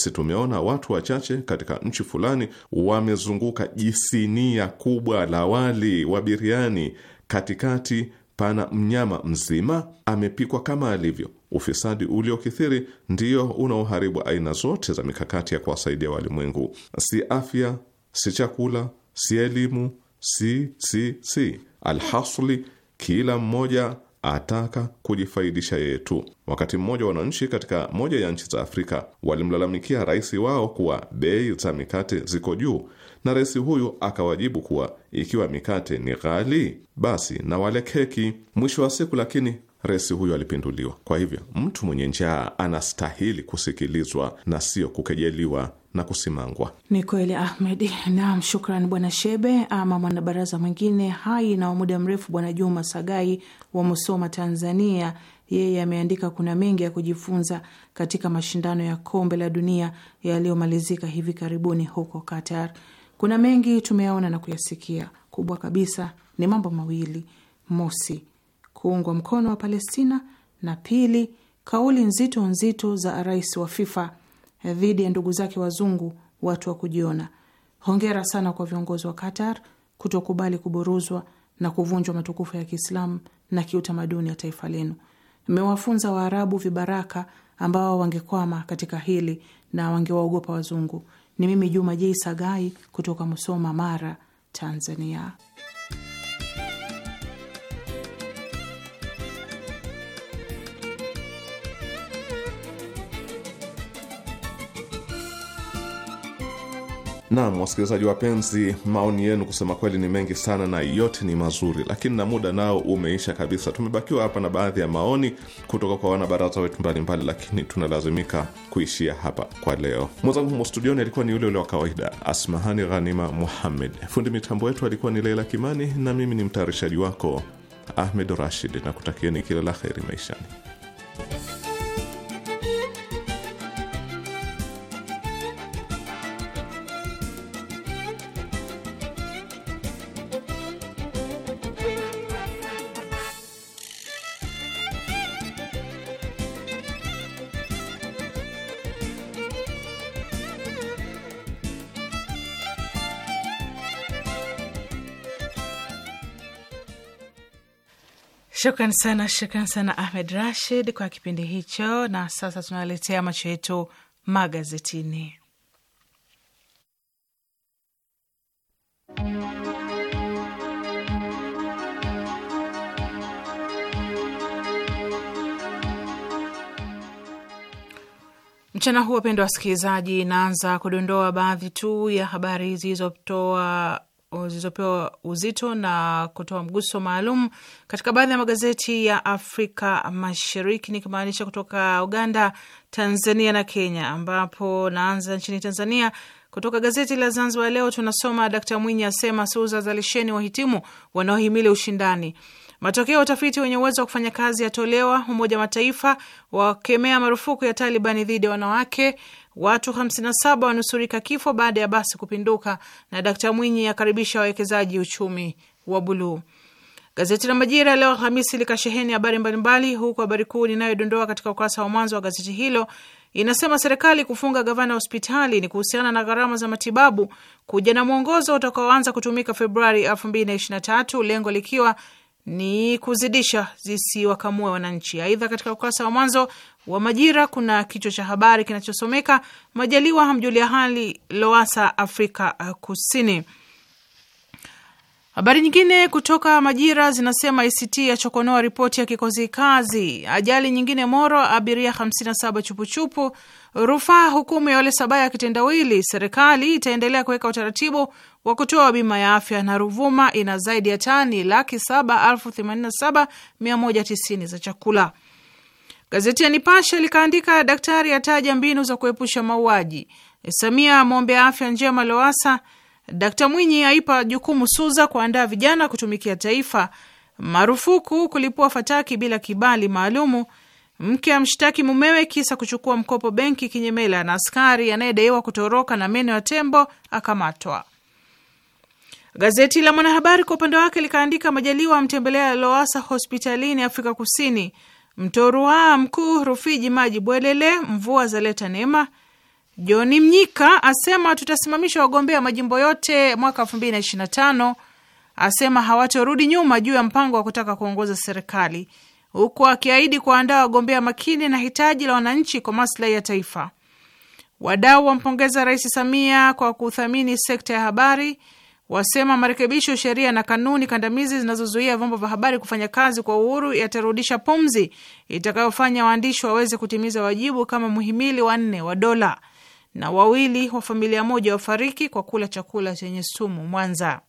Si tumeona watu wachache katika nchi fulani wamezunguka jisinia kubwa la wali wa biriani, katikati pana mnyama mzima amepikwa kama alivyo. Ufisadi uliokithiri ndiyo unaoharibu aina zote za mikakati ya kuwasaidia walimwengu. Si afya, si chakula, si elimu, si si si. Alhasli, kila mmoja ataka kujifaidisha yeye tu. Wakati mmoja, wananchi katika moja ya nchi za Afrika walimlalamikia rais wao kuwa bei za mikate ziko juu, na rais huyu akawajibu kuwa ikiwa mikate ni ghali, basi na wale keki. Mwisho wa siku lakini Rais huyo alipinduliwa. Kwa hivyo mtu mwenye njaa anastahili kusikilizwa na sio kukejeliwa na kusimangwa. Ni kweli Ahmed. Naam, shukran bwana Shebe. Ama mwanabaraza mwingine hai na wa muda mrefu bwana Juma Sagai wa Musoma, Tanzania, yeye ameandika kuna mengi ya kujifunza katika mashindano ya kombe la dunia yaliyomalizika hivi karibuni huko Qatar. Kuna mengi tumeyaona na kuyasikia. Kubwa kabisa ni mambo mawili: mosi, kuungwa mkono wa Palestina, na pili, kauli nzito nzito za rais wa FIFA dhidi ya ndugu zake wazungu watu wa kujiona. Hongera sana kwa viongozi wa Qatar kutokubali kuburuzwa na kuvunjwa matukufu ya Kiislamu na kiutamaduni ya taifa lenu. Mmewafunza Waarabu vibaraka ambao wangekwama katika hili na wangewaogopa wazungu. Ni mimi Juma Jei Sagai kutoka Musoma, Mara, Tanzania. Naam, wasikilizaji wapenzi, maoni yenu kusema kweli ni mengi sana na yote ni mazuri, lakini na muda nao umeisha kabisa. Tumebakiwa hapa na baadhi ya maoni kutoka kwa wanabaraza wetu mbalimbali, lakini tunalazimika kuishia hapa kwa leo. Mwenzangu humo studioni alikuwa ni yule ule wa kawaida, Asmahani Ghanima Muhammed. Fundi mitambo wetu alikuwa ni Leila Kimani, na mimi ni mtayarishaji wako Ahmed Rashid, na kutakieni kila la kheri maishani. Shukran sana, shukran sana Ahmed Rashid kwa kipindi hicho. Na sasa tunaletea macho yetu magazetini. Mchana huu, wapendwa wasikilizaji, naanza kudondoa baadhi tu ya habari zilizotoa Uh, zilizopewa uzito na kutoa mguso maalum katika baadhi ya magazeti ya Afrika Mashariki, nikimaanisha kutoka Uganda, Tanzania na Kenya, ambapo naanza nchini Tanzania. Kutoka gazeti la Zanzibar Leo tunasoma Dkt Mwinyi asema SUZA zalisheni wahitimu wanaohimili ushindani. Matokeo ya utafiti wenye uwezo wa kufanya kazi yatolewa. Umoja wa Mataifa wakemea marufuku ya Talibani dhidi ya wanawake. Watu 57 wanusurika kifo baada ya basi kupinduka, na Dkt Mwinyi akaribisha wawekezaji uchumi wa buluu. Gazeti la Majira leo Alhamisi likasheheni habari mbalimbali, huku habari kuu linayodondoa katika ukurasa wa mwanzo wa gazeti hilo inasema serikali kufunga gavana hospitali ni kuhusiana na gharama za matibabu, kuja na mwongozo utakaoanza kutumika Februari 2023 lengo likiwa ni kuzidisha zisiwakamue wananchi. Aidha, katika ukurasa wa mwanzo wa Majira kuna kichwa cha habari kinachosomeka Majaliwa hamjulia hali Lowasa Afrika uh, Kusini. Habari nyingine kutoka Majira zinasema ICT yachokonoa ripoti ya kikosi kazi. Ajali nyingine Moro, abiria 57 chupuchupu rufaa hukumu ya wale Sabaya ya kitendawili, serikali itaendelea kuweka utaratibu wa kutoa bima ya afya, na Ruvuma ina zaidi ya tani laki saba elfu themanini na saba mia moja tisini za chakula. Gazeti ya Nipashe likaandika, daktari ataja mbinu za kuepusha mauaji, Samia mwombea afya njema Lowasa, Dkt Mwinyi aipa jukumu SUZA kuandaa vijana kutumikia taifa, marufuku kulipua fataki bila kibali maalumu Mke amshtaki mumewe kisa kuchukua mkopo benki kinyemela, na askari anayedaiwa kutoroka na meno ya tembo akamatwa. Gazeti la Mwanahabari kwa upande wake likaandika, Majaliwa amtembelea Loasa hospitalini Afrika Kusini. Mtorua mkuu Rufiji maji Bwelele, mvua zaleta neema. John Mnyika asema tutasimamisha wagombea majimbo yote mwaka 2025, asema hawatorudi nyuma juu ya mpango wa kutaka kuongoza serikali huku akiahidi kuwaandaa wagombea makini na hitaji la wananchi kwa maslahi ya taifa. Wadau wampongeza Rais Samia kwa kuthamini sekta ya habari, wasema marekebisho sheria na kanuni kandamizi zinazozuia vyombo vya habari kufanya kazi kwa uhuru yatarudisha pumzi itakayofanya waandishi waweze kutimiza wajibu kama mhimili wanne wa dola. Na wawili wa familia moja wafariki kwa kula chakula chenye sumu Mwanza.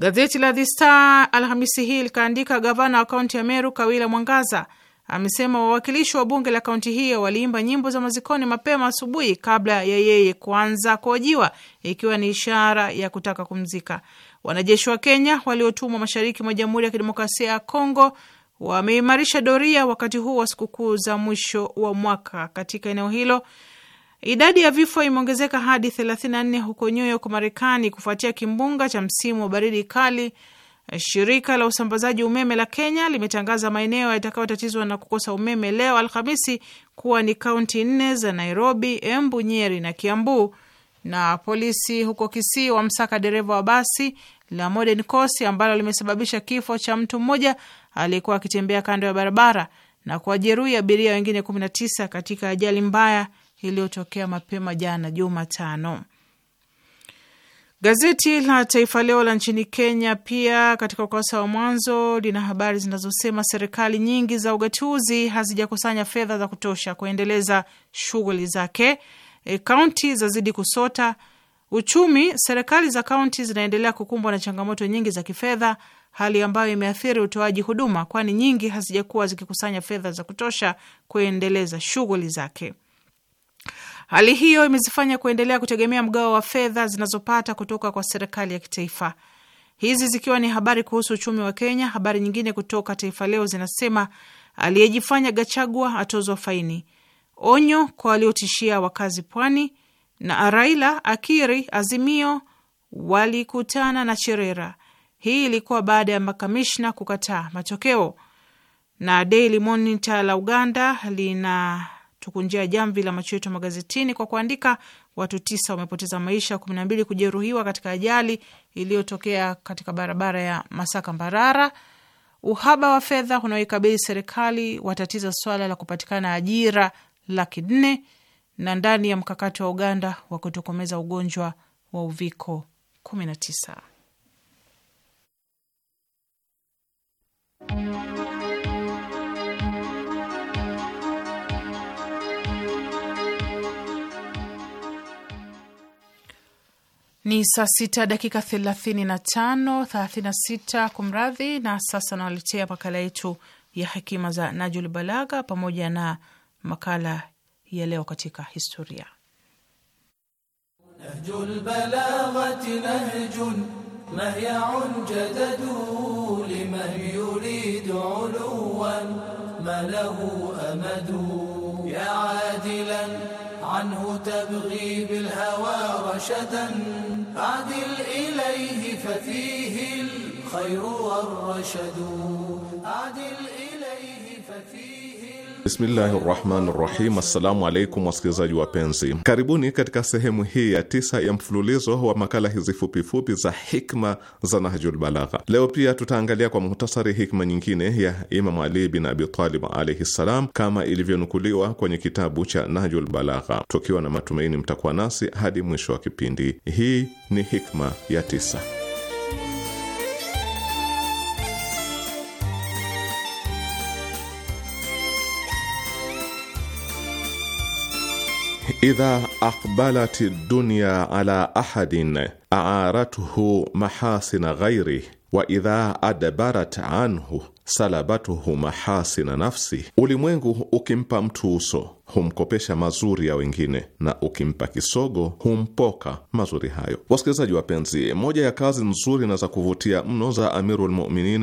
Gazeti la The Star Alhamisi hii likaandika, gavana wa kaunti ya Meru Kawila Mwangaza amesema wawakilishi wa bunge la kaunti hiyo waliimba nyimbo za mazikoni mapema asubuhi kabla ya yeye kuanza kuhojiwa, ikiwa ni ishara ya kutaka kumzika. Wanajeshi wa Kenya waliotumwa mashariki mwa Jamhuri ya Kidemokrasia ya Kongo wameimarisha doria wakati huu wa sikukuu za mwisho wa mwaka katika eneo hilo Idadi ya vifo imeongezeka hadi 34 huko New York, Marekani, kufuatia kimbunga cha msimu wa baridi kali. Shirika la usambazaji umeme la Kenya limetangaza maeneo yatakayotatizwa na kukosa umeme leo Alhamisi kuwa ni kaunti nne za Nairobi, Embu, Nyeri na Kiambu. Na polisi huko Kisii wamsaka dereva wa basi la Modern Coast ambalo limesababisha kifo cha mtu mmoja aliyekuwa akitembea kando ya barabara na kuwajeruhi abiria wengine 19 katika ajali mbaya iliyotokea mapema jana Jumatano. Gazeti la Taifa Leo la nchini Kenya pia katika ukurasa wa mwanzo lina habari zinazosema serikali nyingi za ugatuzi hazijakusanya fedha za kutosha kuendeleza shughuli zake. E, kaunti zazidi kusota uchumi. Serikali za kaunti zinaendelea kukumbwa na changamoto nyingi za kifedha, hali ambayo imeathiri utoaji huduma, kwani nyingi hazijakuwa zikikusanya fedha za kutosha kuendeleza shughuli zake. Hali hiyo imezifanya kuendelea kutegemea mgao wa fedha zinazopata kutoka kwa serikali ya kitaifa. Hizi zikiwa ni habari kuhusu uchumi wa Kenya. Habari nyingine kutoka Taifa Leo zinasema aliyejifanya Gachagua atozwa faini, onyo kwa waliotishia wakazi pwani, na Raila akiri Azimio walikutana na Cherera. Hii ilikuwa baada ya makamishna kukataa matokeo. Na Daily Monitor la Uganda lina tukunjia jamvi la macho yetu magazetini kwa kuandika watu tisa wamepoteza maisha, kumi na mbili kujeruhiwa katika ajali iliyotokea katika barabara ya Masaka Mbarara. Uhaba wa fedha unaoikabili serikali watatiza swala la kupatikana ajira laki nne na ndani ya mkakati wa Uganda wa kutokomeza ugonjwa wa uviko 19. Ni saa sita dakika thelathini na tano thelathini na sita kumradhi. Na sasa nawaletea makala yetu ya hekima za Najul Balagha pamoja na makala ya leo katika historia. Nahjul Balaghati nahjun jadadu liman uluwan amadu ya adilan عنه تبغي بالهوى رشدا عدل إليه ففيه الخير والرشد عدل إليه ففيه Bismillahi rahmani rahim. Assalamu alaikum wasikilizaji wapenzi, karibuni katika sehemu hii ya tisa ya mfululizo wa makala hizi fupifupi za hikma za Nahjul Balagha. Leo pia tutaangalia kwa muhtasari hikma nyingine ya Imamu Ali bin Abi Talib alaihi ssalam, kama ilivyonukuliwa kwenye kitabu cha Nahjul Balagha, tukiwa na matumaini mtakuwa nasi hadi mwisho wa kipindi. Hii ni hikma ya tisa. إذا أقبلت الدنيا على أحد أعارته محاسن غيره وإذا أدبرت عنه salabatuhuma na nafsi, ulimwengu ukimpa mtu uso humkopesha mazuri ya wengine na ukimpa kisogo humpoka mazuri hayo. Wasikilizaji wapenzi, moja ya kazi nzuri na za kuvutia mno za Amirul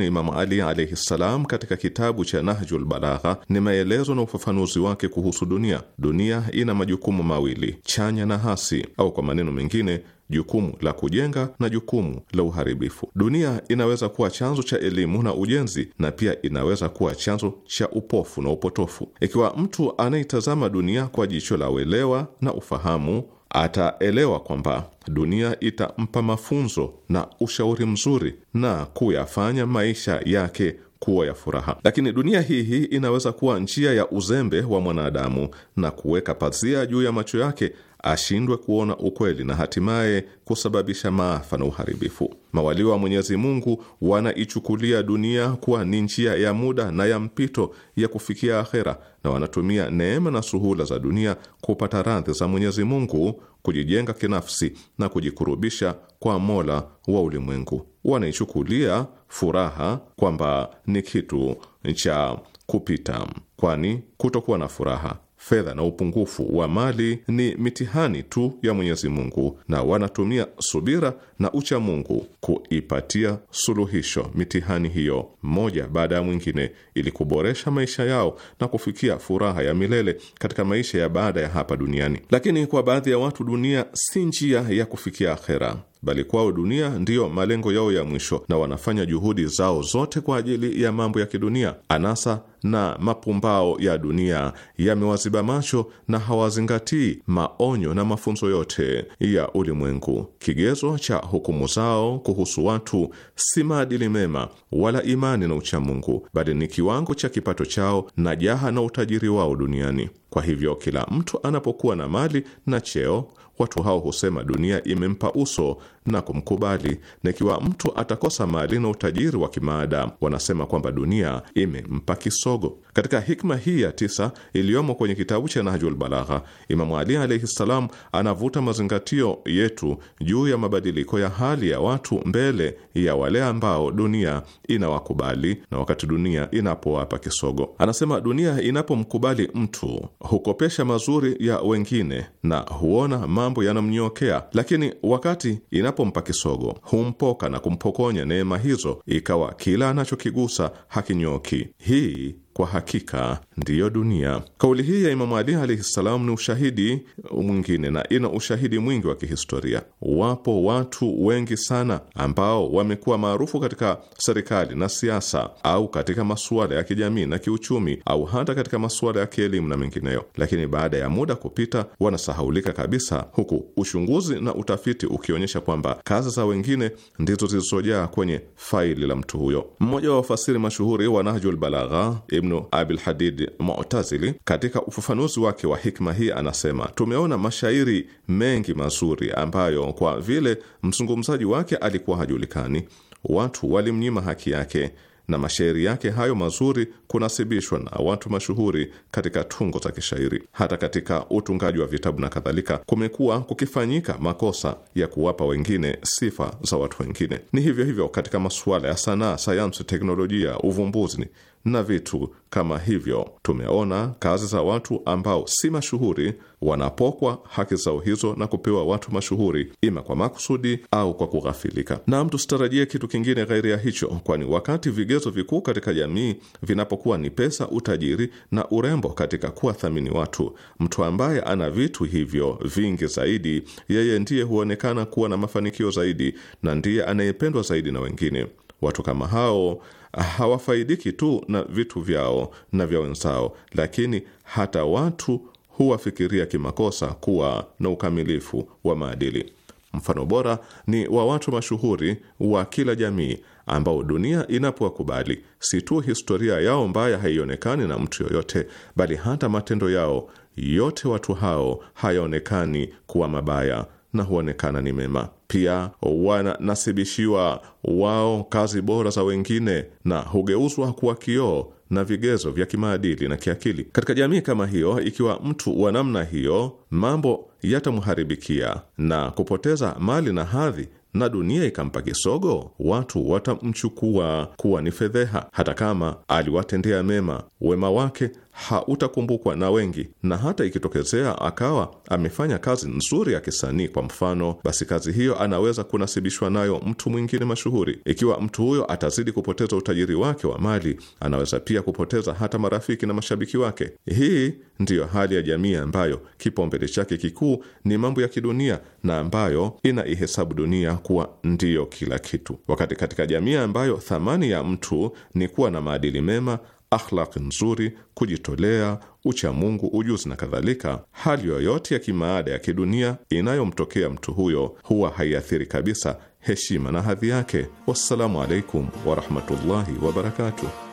Imamu Ali alaihi ssalam katika kitabu cha Nahjul Balagha ni maelezo na ufafanuzi wake kuhusu dunia. Dunia ina majukumu mawili, chanya na hasi, au kwa maneno mengine jukumu la kujenga na jukumu la uharibifu. Dunia inaweza kuwa chanzo cha elimu na ujenzi, na pia inaweza kuwa chanzo cha upofu na upotofu. Ikiwa mtu anayetazama dunia kwa jicho la uelewa na ufahamu, ataelewa kwamba dunia itampa mafunzo na ushauri mzuri na kuyafanya maisha yake kuwa ya furaha. Lakini dunia hii hii inaweza kuwa njia ya uzembe wa mwanadamu na kuweka pazia juu ya macho yake ashindwe kuona ukweli na hatimaye kusababisha maafa na uharibifu. mawalio wa Mwenyezi Mungu wanaichukulia dunia kuwa ni njia ya muda na ya mpito ya kufikia akhera, na wanatumia neema na suhula za dunia kupata radhi za Mwenyezi Mungu, kujijenga kinafsi na kujikurubisha kwa Mola wa ulimwengu. Wanaichukulia furaha kwamba ni kitu cha kupita, kwani kutokuwa na furaha fedha na upungufu wa mali ni mitihani tu ya Mwenyezi Mungu, na wanatumia subira na ucha Mungu kuipatia suluhisho mitihani hiyo moja baada ya mwingine, ili kuboresha maisha yao na kufikia furaha ya milele katika maisha ya baada ya hapa duniani. Lakini kwa baadhi ya watu, dunia si njia ya kufikia akhera bali kwao dunia ndiyo malengo yao ya mwisho na wanafanya juhudi zao zote kwa ajili ya mambo ya kidunia. Anasa na mapumbao ya dunia yamewaziba macho na hawazingatii maonyo na mafunzo yote ya ulimwengu. Kigezo cha hukumu zao kuhusu watu si maadili mema wala imani na uchamungu, bali ni kiwango cha kipato chao na jaha na utajiri wao duniani. Kwa hivyo, kila mtu anapokuwa na mali na cheo watu hao husema dunia imempa uso na kumkubali, na ikiwa mtu atakosa mali na utajiri wa kimaadamu, wanasema kwamba dunia imempa kisogo. Katika hikma hii ya tisa iliyomo kwenye kitabu cha Nahjul Balagha, Imamu Ali alaihi ssalam anavuta mazingatio yetu juu ya mabadiliko ya hali ya watu mbele ya wale ambao dunia inawakubali na wakati dunia inapowapa kisogo. Anasema, dunia inapomkubali mtu hukopesha mazuri ya wengine na huona mambo yanamnyokea, lakini wakati inapompa kisogo humpoka na kumpokonya neema hizo, ikawa kila anachokigusa hakinyoki. Hii Kwa hakika ndiyo dunia. Kauli hii ya Imamu Ali alaihi ssalam ni ushahidi mwingine na ina ushahidi mwingi wa kihistoria. Wapo watu wengi sana ambao wamekuwa maarufu katika serikali na siasa au katika masuala ya kijamii na kiuchumi au hata katika masuala ya kielimu na mengineyo, lakini baada ya muda kupita wanasahaulika kabisa, huku uchunguzi na utafiti ukionyesha kwamba kazi za wengine ndizo zilizojaa kwenye faili la mtu huyo. Mmoja wa wafasiri mashuhuri wa Nahjul Balagha Ibnu Abil Hadid Mutazili katika ufafanuzi wake wa hikma hii anasema, tumeona mashairi mengi mazuri ambayo kwa vile mzungumzaji wake alikuwa hajulikani, watu walimnyima haki yake na mashairi yake hayo mazuri kunasibishwa na watu mashuhuri katika tungo za kishairi. Hata katika utungaji wa vitabu na kadhalika, kumekuwa kukifanyika makosa ya kuwapa wengine sifa za watu wengine. Ni hivyo hivyo katika masuala ya sanaa, sayansi, teknolojia, uvumbuzi na vitu kama hivyo. Tumeona kazi za watu ambao si mashuhuri wanapokwa haki zao hizo na kupewa watu mashuhuri, ima kwa makusudi au kwa kughafilika. Na tusitarajie kitu kingine ghairi ya hicho, kwani wakati vigezo vikuu katika jamii vinapokuwa ni pesa, utajiri na urembo katika kuwathamini watu, mtu ambaye ana vitu hivyo vingi zaidi, yeye ndiye huonekana kuwa na mafanikio zaidi na ndiye anayependwa zaidi na wengine. Watu kama hao hawafaidiki tu na vitu vyao na vya wenzao, lakini hata watu huwafikiria kimakosa kuwa na ukamilifu wa maadili. Mfano bora ni wa watu mashuhuri wa kila jamii ambao dunia inapowakubali, si tu historia yao mbaya haionekani na mtu yoyote, bali hata matendo yao yote watu hao hayaonekani kuwa mabaya na huonekana ni mema. Pia wanasibishiwa wao kazi bora za wengine na hugeuzwa kuwa kioo na vigezo vya kimaadili na kiakili. Katika jamii kama hiyo, ikiwa mtu wa namna hiyo, mambo yatamharibikia na kupoteza mali na hadhi na dunia ikampa kisogo, watu watamchukua kuwa ni fedheha, hata kama aliwatendea mema. Wema wake hautakumbukwa na wengi, na hata ikitokezea akawa amefanya kazi nzuri ya kisanii kwa mfano, basi kazi hiyo anaweza kunasibishwa nayo mtu mwingine mashuhuri. Ikiwa mtu huyo atazidi kupoteza utajiri wake wa mali, anaweza pia kupoteza hata marafiki na mashabiki wake. Hii ndiyo hali ya jamii ambayo kipaumbele chake kikuu ni mambo ya kidunia na ambayo ina ihesabu dunia kuwa ndiyo kila kitu, wakati katika jamii ambayo thamani ya mtu ni kuwa na maadili mema akhlaki nzuri, kujitolea, uchamungu, ujuzi na kadhalika, hali yoyote ya kimaada ya kidunia inayomtokea mtu huyo huwa haiathiri kabisa heshima na hadhi yake. Wassalamu alaikum warahmatullahi wabarakatuh.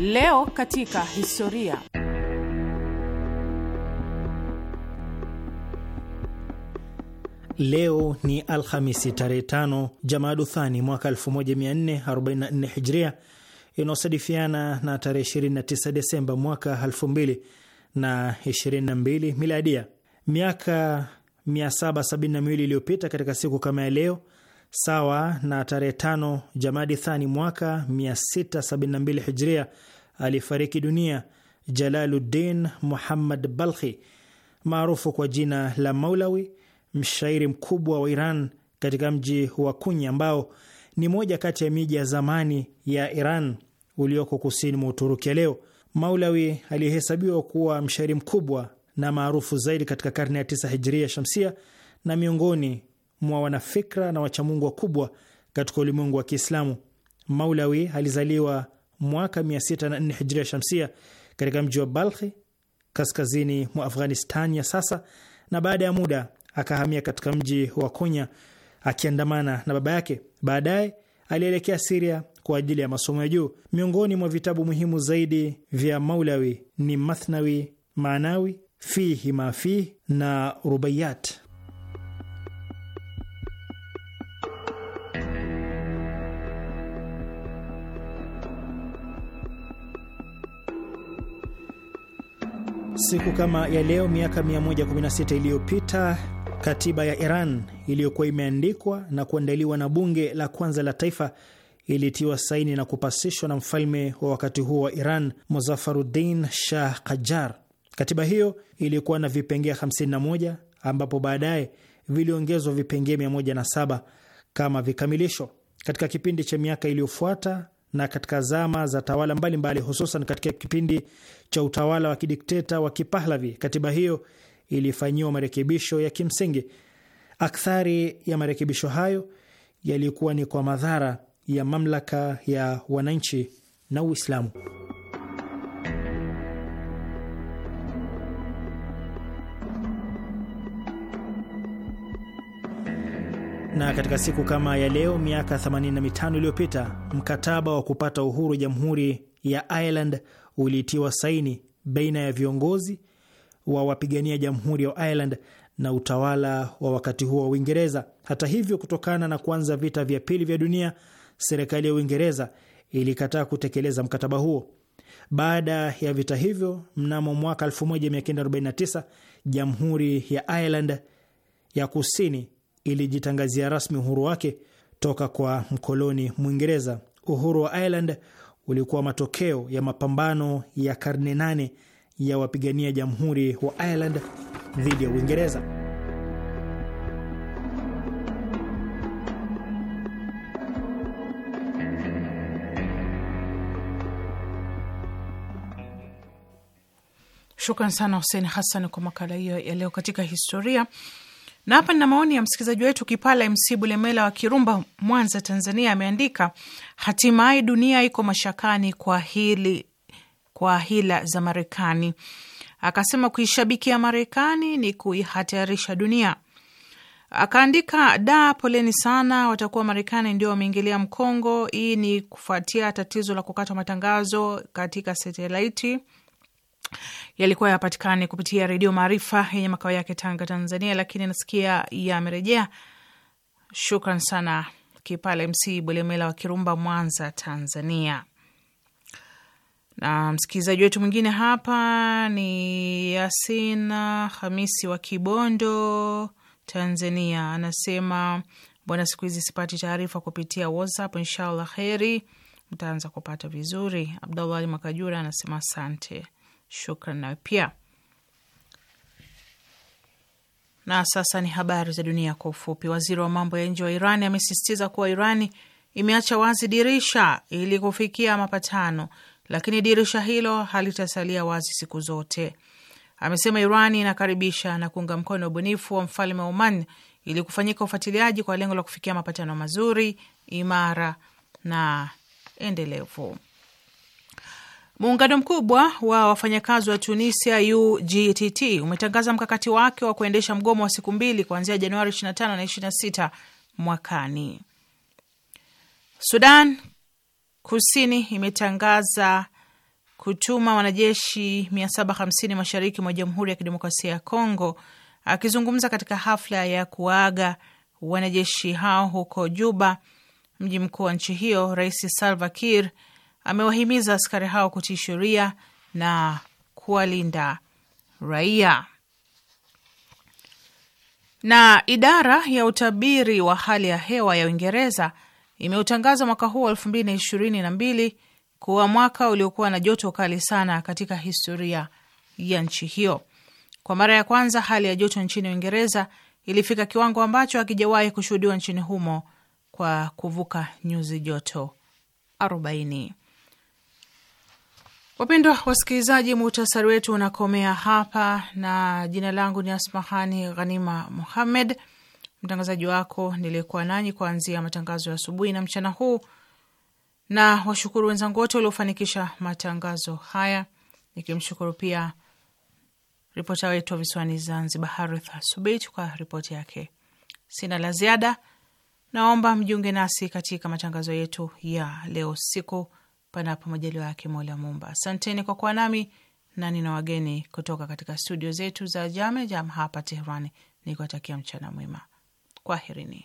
Leo katika historia. Leo ni Alhamisi tarehe 5 Jamaaduthani mwaka 1444 Hijria, inaosadifiana na tarehe 29 Desemba mwaka 2022 Miladia. Miaka 772 iliyopita katika siku kama ya leo sawa na tarehe tano Jamadi Thani mwaka 672 Hijria, alifariki dunia Jalaluddin Muhammad Balkhi maarufu kwa jina la Maulawi, mshairi mkubwa wa Iran katika mji wa Kunya ambao ni moja kati ya miji ya zamani ya Iran ulioko kusini mwa Uturuki ya leo. Maulawi aliyehesabiwa kuwa mshairi mkubwa na maarufu zaidi katika karne ya tisa Hijria Shamsia na miongoni mwa wanafikra na wachamungu wakubwa katika ulimwengu wa Kiislamu. Maulawi alizaliwa mwaka 604 hijria shamsia katika mji wa Balkhi kaskazini mwa Afghanistan ya sasa, na baada ya muda akahamia katika mji wa Konya akiandamana na baba yake. Baadaye alielekea Siria kwa ajili ya masomo ya juu. Miongoni mwa vitabu muhimu zaidi vya Maulawi ni Mathnawi Maanawi, Fihi Mafihi na Rubaiyat. Siku kama ya leo miaka 116 iliyopita katiba ya Iran iliyokuwa imeandikwa na kuandaliwa na bunge la kwanza la taifa ilitiwa saini na kupasishwa na mfalme wa wakati huo wa Iran, muzafarudin Shah Qajar. Katiba hiyo ilikuwa na vipengee 51 ambapo baadaye viliongezwa vipengee 107 kama vikamilisho. Katika kipindi cha miaka iliyofuata na katika zama za tawala mbalimbali, hususan katika kipindi cha utawala wa kidikteta wa Kipahlavi. Katiba hiyo ilifanyiwa marekebisho ya kimsingi. Akthari ya marekebisho hayo yalikuwa ni kwa madhara ya mamlaka ya wananchi na Uislamu. Na katika siku kama ya leo miaka 85 iliyopita mkataba wa kupata uhuru jamhuri ya Ireland uliitiwa saini baina ya viongozi wa wapigania jamhuri ya Ireland na utawala wa wakati huo wa Uingereza. Hata hivyo, kutokana na kuanza vita vya pili vya dunia, serikali ya Uingereza ilikataa kutekeleza mkataba huo. Baada ya vita hivyo, mnamo mwaka 1949 jamhuri ya Ireland ya kusini ilijitangazia rasmi uhuru wake toka kwa mkoloni Mwingereza. Uhuru wa Ireland ulikuwa matokeo ya mapambano ya karne nane ya wapigania jamhuri wa Ireland dhidi ya Uingereza. Shukran sana husen Hassan kwa makala hiyo ya leo katika historia. Na hapa nina maoni ya msikilizaji wetu Kipala MC Bulemela wa Kirumba, Mwanza, Tanzania. Ameandika, hatimaye dunia iko mashakani kwa hili kwa hila za Marekani. Akasema kuishabikia Marekani ni kuihatarisha dunia. Akaandika, da, poleni sana, watakuwa Marekani ndio wameingilia Mkongo. Hii ni kufuatia tatizo la kukatwa matangazo katika satelaiti yalikuwa yapatikane kupitia Redio Maarifa yenye makao yake Tanga, Tanzania, lakini nasikia yamerejea. Shukran sana Kipale MC Bulemela wa Kirumba, Mwanza, Tanzania. Na msikilizaji wetu mwingine hapa ni Yasina Hamisi wa Kibondo, Tanzania, anasema bwana, siku hizi sipati taarifa kupitia WhatsApp. Inshallah heri mtaanza kupata vizuri. Abdallah Ali Makajura anasema asante. Shukran nawe pia. Na sasa ni habari za dunia kwa ufupi. Waziri wa mambo ya nje wa Irani amesisitiza kuwa Irani imeacha wazi dirisha ili kufikia mapatano, lakini dirisha hilo halitasalia wazi siku zote. Amesema Irani inakaribisha na kuunga mkono ubunifu wa mfalme wa Oman ili kufanyika ufuatiliaji kwa lengo la kufikia mapatano mazuri, imara na endelevu. Muungano mkubwa wa wafanyakazi wa Tunisia UGTT umetangaza mkakati wake wa kuendesha mgomo wa siku mbili kuanzia Januari 25 na 26 mwakani. Sudan Kusini imetangaza kutuma wanajeshi 750 mashariki mwa Jamhuri ya Kidemokrasia ya Kongo. Akizungumza katika hafla ya kuaga wanajeshi hao huko Juba, mji mkuu wa nchi hiyo, Rais Salva Kiir amewahimiza askari hao kutii sheria na kuwalinda raia. Na idara ya utabiri wa hali ya hewa ya Uingereza imeutangaza mwaka huu wa elfu mbili na ishirini na mbili kuwa mwaka uliokuwa na joto kali sana katika historia ya nchi hiyo. Kwa mara ya kwanza hali ya joto nchini Uingereza ilifika kiwango ambacho hakijawahi kushuhudiwa nchini humo kwa kuvuka nyuzi joto arobaini Wapendwa wasikilizaji, muhtasari wetu unakomea hapa, na jina langu ni Asmahani Ghanima Muhammed, mtangazaji wako niliyekuwa nanyi kuanzia matangazo ya asubuhi na mchana huu, na washukuru wenzangu wote waliofanikisha matangazo haya, nikimshukuru pia ripota wetu wa visiwani Zanzibar, Harith Subeit, kwa ripoti yake. Sina la ziada, naomba mjiunge nasi katika matangazo yetu ya leo siku panapo majaliwa yake Mola Mumba. Asanteni kwa kuwa nami na nina wageni kutoka katika studio zetu za Jame Jam hapa Teherani, nikiwatakia mchana mwema. Kwaherini.